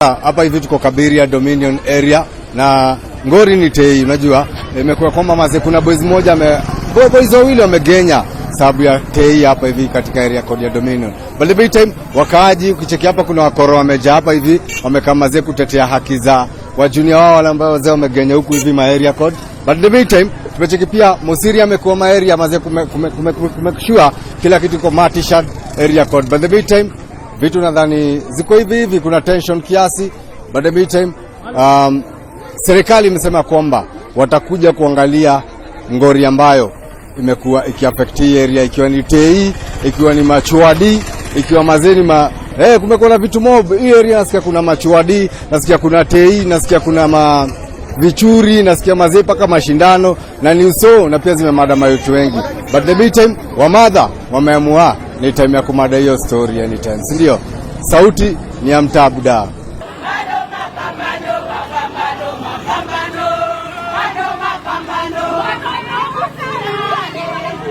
Hapa hivi tuko Kabiria Dominion area na ngori ni tei, unajua imekuwa kwamba maze, kuna boys moja boys wawili wamegenya sababu ya tei hapa hivi katika area code ya Dominion. But every time wakaaji, ukicheki hapa kuna wakoro wameja hapa hivi wamekaa maze kutetea haki za wajunia wao wale ambao wazee wamegenya huku hivi ma area code. But every time tumecheki pia Mosiri amekuwa ma area maze kumekushua kume, kume, kume, kume kila kitu kwa matisha area code. But every time vitu nadhani ziko hivi hivi, kuna tension kiasi, but the meantime, um, serikali imesema kwamba watakuja kuangalia ngori ambayo imekuwa ikiaffect area, ikiwa ni TI, ikiwa ni Machuadi, ikiwa mazeni ma hey, eh, kumekuwa na vitu mob hii area. Nasikia kuna Machuadi, nasikia kuna TI, nasikia kuna ma vichuri nasikia mazee mpaka mashindano na ni uso na pia zimemada wetu wengi, but the meantime, wamadha wameamua ni time ya kumada hiyo story anytime, si ndio? Sauti ni ya mtaa budaa.